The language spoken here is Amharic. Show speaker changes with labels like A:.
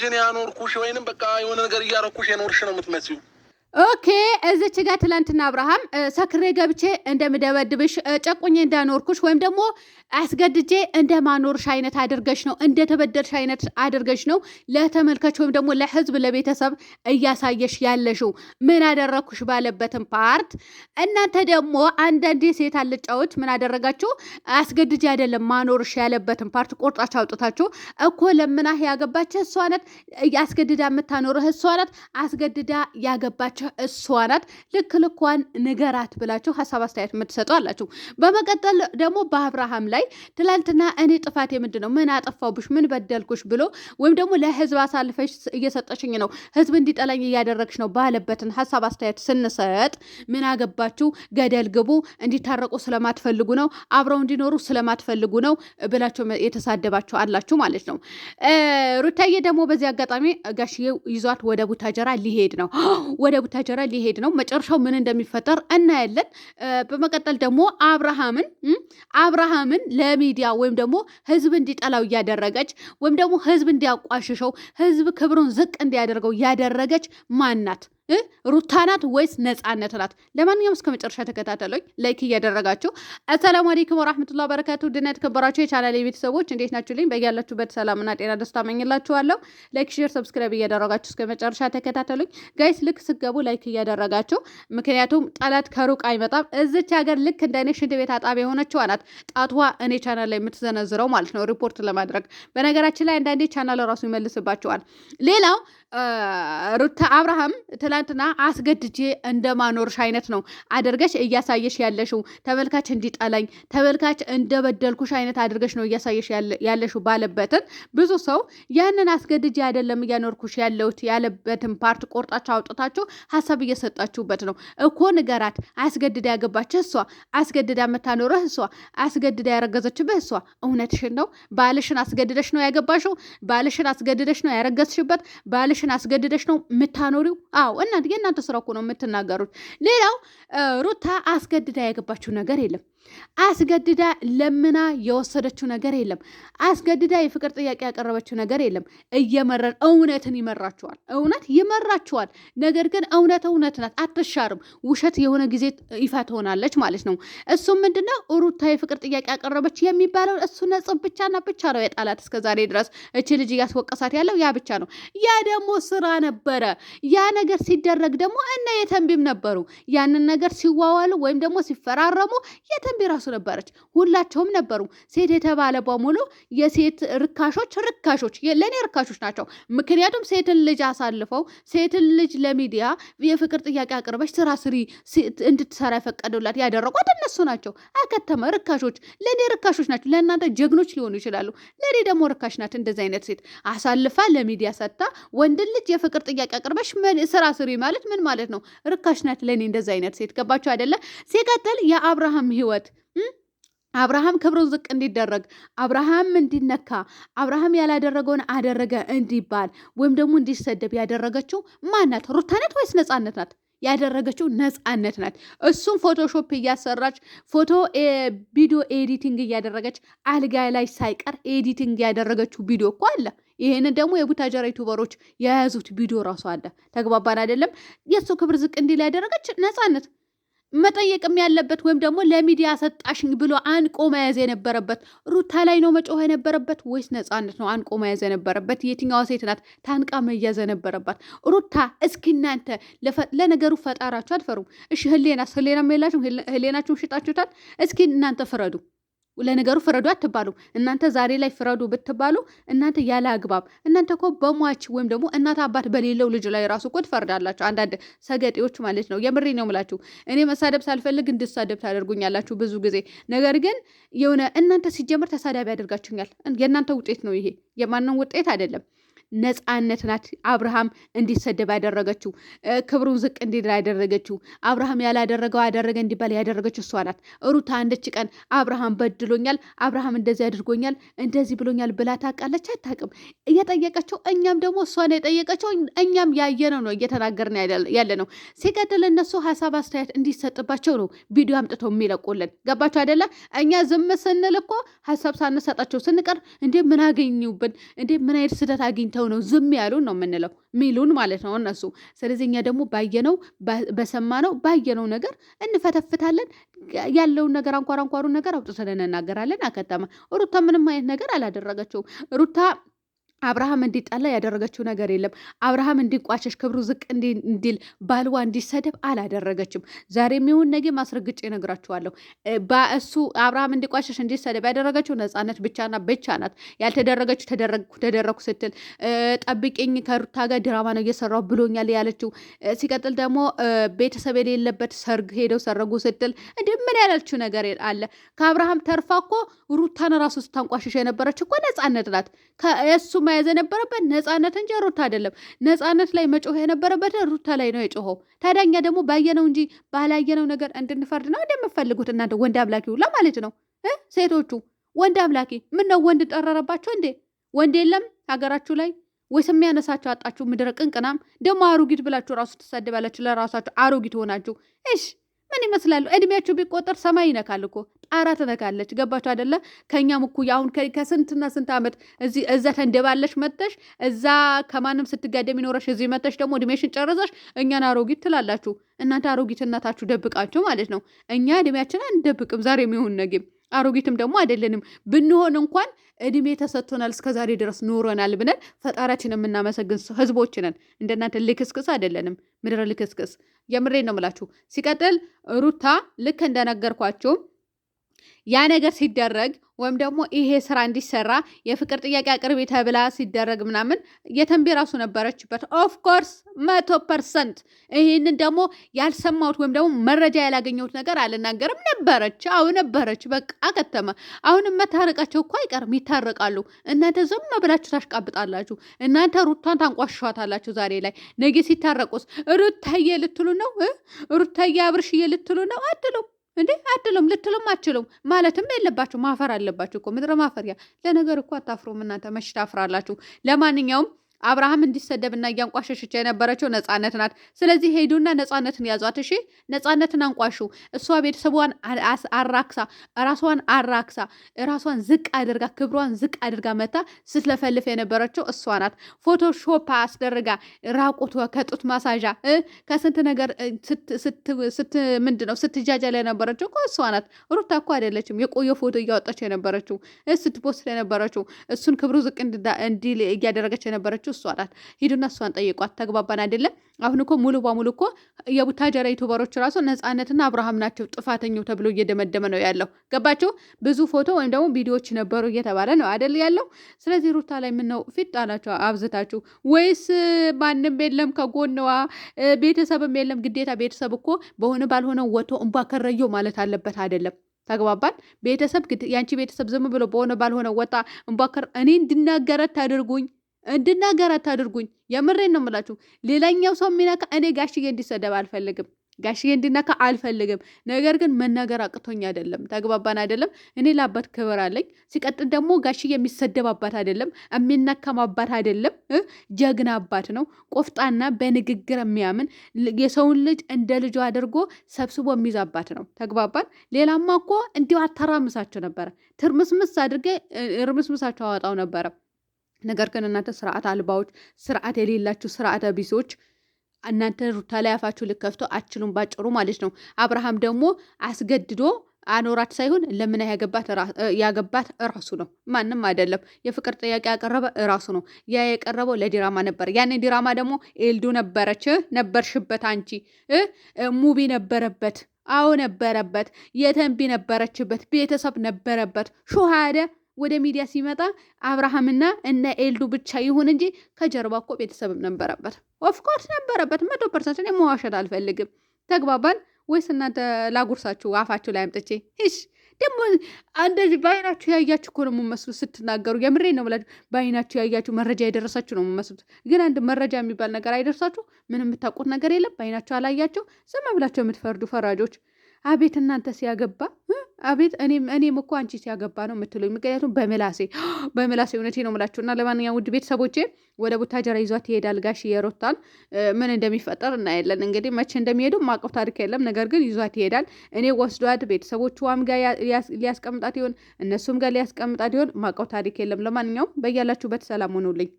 A: ጋዥ ያኖርኩሽ ወይንም በቃ የሆነ ነገር እያረኩሽ የኖርሽ ነው የምትመስዩ
B: ኦኬ እዚች ጋር ትላንትና አብርሃም ሰክሬ ገብቼ እንደምደበድብሽ ጨቁኜ እንዳኖርኩሽ ወይም ደግሞ አስገድጄ እንደማኖርሽ አይነት አድርገሽ ነው እንደተበደርሽ አይነት አድርገሽ ነው ለተመልካች ወይም ደግሞ ለሕዝብ ለቤተሰብ እያሳየሽ ያለሽው ምን አደረግኩሽ ባለበትም ፓርት። እናንተ ደግሞ አንዳንዴ ሴት አልጫዎች ምን አደረጋችሁ? አስገድጄ አይደለም ማኖርሽ ያለበትም ፓርት ቆርጣችሁ አውጥታችሁ እኮ ለምናህ ያገባችህ እሷ ናት፣ አስገድዳ የምታኖርህ እሷ ናት፣ አስገድዳ ያገባች ያወራችሁ እሷ ናት፣ ልክ ልኳን ንገራት ብላችሁ ሀሳብ አስተያየት የምትሰጡ አላችሁ። በመቀጠል ደግሞ በአብርሃም ላይ ትላንትና እኔ ጥፋት ምንድን ነው? ምን አጠፋሁብሽ? ምን በደልኩሽ? ብሎ ወይም ደግሞ ለህዝብ አሳልፈሽ እየሰጠሽኝ ነው፣ ህዝብ እንዲጠላኝ እያደረግሽ ነው ባለበትን ሀሳብ አስተያየት ስንሰጥ ምን አገባችሁ? ገደል ግቡ። እንዲታረቁ ስለማትፈልጉ ነው፣ አብረው እንዲኖሩ ስለማትፈልጉ ነው ብላችሁ የተሳደባችሁ አላችሁ ማለት ነው። ሩታዬ ደግሞ በዚህ አጋጣሚ ጋሽዬ ይዟት ወደ ቡታጀራ ሊሄድ ነው ወደ ቡታጀራ ሊሄድ ነው። መጨረሻው ምን እንደሚፈጠር እናያለን። በመቀጠል ደግሞ አብርሃምን አብርሃምን ለሚዲያ ወይም ደግሞ ህዝብ እንዲጠላው እያደረገች ወይም ደግሞ ህዝብ እንዲያቋሽሸው፣ ህዝብ ክብሩን ዝቅ እንዲያደርገው ያደረገች ማን ናት? ሩታ ናት ወይስ ነፃነት ናት? ለማንኛውም እስከ መጨረሻ ተከታተሉኝ፣ ላይክ እያደረጋችሁ። አሰላሙ አሌይኩም ወራህመቱላሂ በረካቱ ድና የተከበራችሁ የቻናሌ ቤተሰቦች እንዴት ናችሁ? ልኝ በያላችሁበት ሰላምና ጤና ደስታ መኝላችኋለሁ። ላይክ፣ ሼር፣ ሰብስክራይብ እያደረጋችሁ እስከ መጨረሻ ተከታተሉኝ ጋይስ። ልክ ስገቡ ላይክ እያደረጋችሁ፣ ምክንያቱም ጠላት ከሩቅ አይመጣም። እዚች ሀገር ልክ እንደ እንደኔ ሽንት ቤት አጣቢ የሆነችው ናት ጣቷ እኔ ቻናል ላይ የምትዘነዝረው ማለት ነው ሪፖርት ለማድረግ በነገራችን ላይ አንዳንዴ ቻናል ራሱ ይመልስባቸዋል። ሌላው ሩታ አብርሃም ትላንትና አስገድጄ እንደማኖርሽ አይነት ነው አድርገሽ እያሳየሽ ያለሽው። ተመልካች እንዲጠላኝ ተመልካች እንደበደልኩሽ አይነት አድርገሽ ነው እያሳየሽ ያለሽው። ባለበትን ብዙ ሰው ያንን አስገድጄ አይደለም እያኖርኩሽ ያለሁት ያለበትን ፓርት ቆርጣችሁ አውጥታችሁ ሀሳብ እየሰጣችሁበት ነው እኮ። ንገራት። አስገድዳ ያገባች እሷ፣ አስገድዳ የምታኖረህ እሷ፣ አስገድዳ ያረገዘችብህ እሷ። እውነትሽን ነው። ባልሽን አስገድደሽ ነው ያገባሽው። ባልሽን አስገድደሽ ነው ያረገዝሽበት ባል ሚስትሽን አስገድደሽ ነው የምታኖሪው? አዎ እና የእናንተ ስራ እኮ ነው የምትናገሩት። ሌላው ሩታ አስገድዳ ያገባችው ነገር የለም። አስገድዳ ለምና የወሰደችው ነገር የለም። አስገድዳ የፍቅር ጥያቄ ያቀረበችው ነገር የለም። እየመረን እውነትን ይመራችኋል፣ እውነት ይመራችኋል። ነገር ግን እውነት እውነት ናት፣ አትሻርም። ውሸት የሆነ ጊዜ ይፋ ትሆናለች ማለት ነው። እሱም ምንድነው ሩታ የፍቅር ጥያቄ ያቀረበች የሚባለው እሱ ነጽብ ብቻና ብቻ ነው የጣላት እስከ ዛሬ ድረስ እች ልጅ እያስወቀሳት ያለው ያ ብቻ ነው። ያ ደግሞ ስራ ነበረ። ያ ነገር ሲደረግ ደግሞ እነ የተንቢም ነበሩ። ያንን ነገር ሲዋዋሉ ወይም ደግሞ ሲፈራረሙ በደንብ የራሱ ነበረች። ሁላቸውም ነበሩ። ሴት የተባለ በሙሉ የሴት ርካሾች ርካሾች ለእኔ ርካሾች ናቸው። ምክንያቱም ሴትን ልጅ አሳልፈው ሴትን ልጅ ለሚዲያ የፍቅር ጥያቄ አቅርበች ስራ ስሪ እንድትሰራ የፈቀዱላት ያደረጓት እነሱ ናቸው። አከተመ። ርካሾች ለእኔ ርካሾች ናቸው። ለእናንተ ጀግኖች ሊሆኑ ይችላሉ። ለእኔ ደግሞ ርካሽ ናት። እንደዚህ አይነት ሴት አሳልፋ ለሚዲያ ሰጥታ ወንድን ልጅ የፍቅር ጥያቄ አቅርበሽ ስራ ስሪ ማለት ምን ማለት ነው? ርካሽ ናት። ለእኔ እንደዚህ አይነት ሴት ገባቸው አይደለ? ሲቀጥል የአብርሃም ህይወት አብርሃም ክብሩን ዝቅ እንዲደረግ አብርሃም እንዲነካ አብርሃም ያላደረገውን አደረገ እንዲባል ወይም ደግሞ እንዲሰደብ ያደረገችው ማናት? ሩታነት ወይስ ነጻነት ናት? ያደረገችው ነጻነት ናት። እሱም ፎቶሾፕ እያሰራች ፎቶ ቪዲዮ ኤዲቲንግ እያደረገች አልጋ ላይ ሳይቀር ኤዲቲንግ ያደረገችው ቪዲዮ እኮ አለ። ይህንን ደግሞ የቡታጀራ ዩቱበሮች የያዙት ቪዲዮ ራሱ አለ። ተግባባን አይደለም? የእሱ ክብር ዝቅ እንዲል ያደረገች ነጻነት መጠየቅም ያለበት ወይም ደግሞ ለሚዲያ ሰጣሽኝ ብሎ አንቆ መያዝ የነበረበት ሩታ ላይ ነው መጮህ የነበረበት ወይስ ነፃነት ነው አንቆ መያዝ የነበረበት? የትኛዋ ሴት ናት ታንቃ መያዝ የነበረባት? ሩታ እስኪ እናንተ ለነገሩ ፈጣራችሁ አትፈሩም? እሺ ህሌናስ፣ ህሌና የላችሁም። ህሌናችሁን ሽጣችሁታል። እስኪ እናንተ ፍረዱ። ለነገሩ ፍረዱ አትባሉ እናንተ ዛሬ ላይ ፍረዱ ብትባሉ እናንተ ያለ አግባብ እናንተ እኮ በሟች ወይም ደግሞ እናት አባት በሌለው ልጅ ላይ ራሱ እኮ ትፈርዳላችሁ። አንዳንድ ሰገጤዎች ማለት ነው። የምሬ ነው ምላችሁ። እኔ መሳደብ ሳልፈልግ እንድሳደብ ታደርጉኛላችሁ ብዙ ጊዜ። ነገር ግን የሆነ እናንተ ሲጀምር ተሳዳቢ ያደርጋችሁኛል። የእናንተ ውጤት ነው ይሄ፣ የማንም ውጤት አይደለም። ነፃነት ናት አብርሃም እንዲሰደብ ያደረገችው፣ ክብሩን ዝቅ እንዲል ያደረገችው፣ አብርሃም ያላደረገው አደረገ እንዲባል ያደረገችው እሷ ናት። ሩታ አንደች ቀን አብርሃም በድሎኛል፣ አብርሃም እንደዚህ አድርጎኛል፣ እንደዚህ ብሎኛል ብላ ታውቃለች? አታውቅም። እየጠየቀችው እኛም ደግሞ እሷ ነው የጠየቀችው። እኛም ያየነው ነው እየተናገርን ያለ ነው። ሲቀጥል እነሱ ሀሳብ አስተያየት እንዲሰጥባቸው ነው ቪዲዮ አምጥተው የሚለቁልን። ገባቸው አይደለ? እኛ ዝም ስንል እኮ ሀሳብ ሳንሰጣቸው ስንቀር እንዴ ምን አገኙብን? እንዴ ምን አይነት ስደት አግኝተው ሰምተው ነው ዝም ያሉን ነው የምንለው ሚሉን ማለት ነው እነሱ። ስለዚህ እኛ ደግሞ ባየነው በሰማነው ባየነው ነገር እንፈተፍታለን። ያለውን ነገር አንኳር አንኳሩን ነገር አውጥተን እንናገራለን። አከተማ ሩታ ምንም አይነት ነገር አላደረገችውም ሩታ አብርሃም እንዲጣላ ያደረገችው ነገር የለም። አብርሃም እንዲቋሸሽ ክብሩ ዝቅ እንዲል ባልዋ እንዲሰደብ አላደረገችም። ዛሬ የሚሆን ነገ ማስረግጬ እነግራችኋለሁ። በእሱ አብርሃም እንዲቋሸሽ እንዲሰደብ ያደረገችው ነፃነት ብቻና ብቻ ናት። ያልተደረገችው ተደረግኩ ስትል ጠብቂኝ፣ ከሩታ ጋር ድራማ ነው እየሰራው ብሎኛል ያለችው። ሲቀጥል ደግሞ ቤተሰብ የሌለበት ሰርግ ሄደው ሰረጉ ስትል እንደ ምን ያለችው ነገር አለ? ከአብርሃም ተርፋ እኮ ሩታን ራሱ ስታንቋሸሽ የነበረች እኮ ነፃነት ናት። መያዝ የነበረበት ነፃነት እንጂ ሩታ አይደለም። ነፃነት ላይ መጮህ የነበረበት ሩታ ላይ ነው የጮኸው። ታዲያ እኛ ደግሞ ባየነው እንጂ ባላየነው ነገር እንድንፈርድ ነው እንደምፈልጉት እናንተ ወንድ አምላኪ ሁላ ማለት ነው። ሴቶቹ ወንድ አምላኪ ምን ነው ወንድ ጠረረባቸው እንዴ? ወንድ የለም ሀገራችሁ ላይ ወይስ የሚያነሳቸው አጣችሁ? ምድረ ቅንቅናም ደግሞ አሮጊት ብላችሁ ራሱ ትሳደባላችሁ። ለራሳችሁ አሮጊት ሆናችሁ እሽ ምን ይመስላሉ? እድሜያችሁ ቢቆጠር ሰማይ ይነካል እኮ ጣራ ትነካለች። ገባችሁ አደለ? ከእኛም እኩያ አሁን ከስንትና ስንት ዓመት እዛ ተንደባለሽ መጥተሽ እዛ ከማንም ስትጋደም ይኖረሽ እዚህ መጥተሽ ደግሞ እድሜሽን ጨረሰሽ እኛን አሮጊት ትላላችሁ። እናንተ አሮጊትነታችሁ ደብቃችሁ ማለት ነው። እኛ እድሜያችን አንደብቅም። ዛሬ የሚሆን ነግም አሮጊትም ደግሞ አይደለንም። ብንሆን እንኳን እድሜ ተሰጥቶናል፣ እስከዛሬ ድረስ ኖረናል ብለን ፈጣሪያችን የምናመሰግን ህዝቦች ነን። እንደናንተ ልክስክስ አይደለንም። ምድረ ልክስክስ የምሬ ነው የምላችሁ። ሲቀጥል ሩታ ልክ እንደነገርኳችሁ ያ ነገር ሲደረግ ወይም ደግሞ ይሄ ስራ እንዲሰራ የፍቅር ጥያቄ አቅርቢ ተብላ ሲደረግ ምናምን የተንቤ ራሱ ነበረችበት። ኦፍኮርስ መቶ ፐርሰንት። ይህንን ደግሞ ያልሰማሁት ወይም ደግሞ መረጃ ያላገኘሁት ነገር አልናገርም። ነበረች፣ አዎ ነበረች። በቃ ከተመ። አሁንም መታረቃቸው እኮ አይቀርም፣ ይታረቃሉ። እናንተ ዝም ብላችሁ ታሽቃብጣላችሁ። እናንተ ሩታን ታንቋሸዋታላችሁ ዛሬ ላይ። ነገ ሲታረቁስ ሩታዬ ልትሉ ነው? ሩታዬ አብርሽዬ ልትሉ ነው? አትሉም። እንዴ አትሉም ልትሉም አትችሉም ማለትም የለባችሁ። ማፈር አለባችሁ እኮ ምድረ ማፈሪያ። ለነገር እኮ አታፍሩም እናንተ መች ታፍራላችሁ? ለማንኛውም አብርሃም እንዲሰደብና እያንቋሸሸች የነበረችው ነፃነት ናት። ስለዚህ ሄዱና ነፃነትን ያዟት። እሺ ነፃነትን አንቋሹ። እሷ ቤተሰቧን አራክሳ ራሷን አራክሳ ራሷን ዝቅ አድርጋ ክብሯን ዝቅ አድርጋ መታ ስትለፈልፍ የነበረችው እሷ ናት። ፎቶሾፕ አስደርጋ ራቁት ከጡት ማሳዣ ከስንት ነገር ምንድን ነው ላይ የነበረችው እኮ እሷ ናት። ሩታ እኮ አይደለችም የቆየ ፎቶ እያወጣች የነበረችው ስትፖስት የነበረችው እሱን ክብሩ ዝቅ እንዲል እያደረገች የነበረችው ያመጣችው እሷ ናት። ሂዱና እሷን ጠይቋት። ተግባባን አይደለም? አሁን እኮ ሙሉ በሙሉ እኮ የቡታጀራ ዩቱበሮች ራሱ ነፃነትና አብርሃም ናቸው ጥፋተኛው ተብሎ እየደመደመ ነው ያለው። ገባቸው። ብዙ ፎቶ ወይም ደግሞ ቪዲዮዎች ነበሩ እየተባለ ነው አደል ያለው። ስለዚህ ሩታ ላይ ምነው ፊት ጣላችሁ አብዝታችሁ? ወይስ ማንም የለም ከጎንዋ ቤተሰብም የለም? ግዴታ ቤተሰብ እኮ በሆነ ባልሆነ ወቶ እንባ ከረየው ማለት አለበት አይደለም? ተግባባል ቤተሰብ የአንቺ ቤተሰብ ዝም ብሎ በሆነ ባልሆነ ወጣ እንቧከር እኔ እንድናገረት ታደርጉኝ እንድናገር አታድርጉኝ። የምሬን ነው የምላችሁ። ሌላኛው ሰው የሚነካ እኔ ጋሽዬ እንዲሰደብ አልፈልግም። ጋሽዬ እንዲነካ አልፈልግም። ነገር ግን መናገር አቅቶኝ አይደለም። ተግባባን አይደለም? እኔ ለአባት ክብር አለኝ። ሲቀጥል ደግሞ ጋሽዬ የሚሰደብ አባት አይደለም፣ የሚነካም አባት አይደለም። ጀግና አባት ነው። ቆፍጣና፣ በንግግር የሚያምን የሰውን ልጅ እንደ ልጁ አድርጎ ሰብስቦ የሚይዝ አባት ነው። ተግባባን። ሌላማ እኮ እንዲሁ አተራምሳቸው ነበረ። ትርምስምስ አድርጌ እርምስምሳቸው አወጣው ነበረ። ነገር ግን እናንተ ስርዓት አልባዎች፣ ስርዓት የሌላችሁ ስርዓት ቢሶች እናንተ ሩታ ላይ አፋችሁ ልከፍተው አችሉም፣ ባጭሩ ማለት ነው። አብርሃም ደግሞ አስገድዶ አኖራት ሳይሆን ለምን ያገባት እራሱ ነው፣ ማንም አይደለም። የፍቅር ጥያቄ ያቀረበ እራሱ ነው። ያ የቀረበው ለዲራማ ነበር። ያን ዲራማ ደግሞ ኤልዱ ነበረች ነበርሽበት፣ አንቺ ሙቢ ነበረበት፣ አዎ ነበረበት፣ የተንቢ ነበረችበት፣ ቤተሰብ ነበረበት ሹሃደ ወደ ሚዲያ ሲመጣ አብርሃምና እነ ኤልዱ ብቻ ይሁን እንጂ ከጀርባ እኮ ቤተሰብ ነበረበት። ኦፍኮርስ ነበረበት። መቶ ፐርሰንት እኔ መዋሸት አልፈልግም። ተግባባን ወይስ እናንተ ላጉርሳችሁ አፋችሁ ላይ አምጥቼ ሽ ደግሞ እንደዚህ በአይናችሁ ያያችሁ እኮ ነው የምመስሉት ስትናገሩ። የምሬ ነው ብላችሁ በአይናችሁ ያያችሁ መረጃ የደረሳችሁ ነው የምመስሉት። ግን አንድ መረጃ የሚባል ነገር አይደርሳችሁ። ምንም የምታውቁት ነገር የለም። በአይናችሁ አላያችሁ ዝም ብላችሁ የምትፈርዱ ፈራጆች አቤት እናንተ ሲያገባ አቤት እኔም እኮ አንቺ ሲያገባ ነው የምትሉኝ። ምክንያቱም በምላሴ በምላሴ እውነቴ ነው የምላችሁ። እና ለማንኛውም ውድ ቤተሰቦቼ ወደ ቡታጀራ ይዟት ይሄዳል ጋሽ የሮታን። ምን እንደሚፈጠር እናያለን እንግዲህ መቼ እንደሚሄዱ ማቀፍ ታሪክ የለም። ነገር ግን ይዟት ይሄዳል። እኔ ወስዷት ቤተሰቦቿም ጋር ሊያስቀምጣት ይሆን እነሱም ጋር ሊያስቀምጣት ይሆን ማቀፍ ታሪክ የለም። ለማንኛውም በያላችሁበት ሰላም ሆኑልኝ።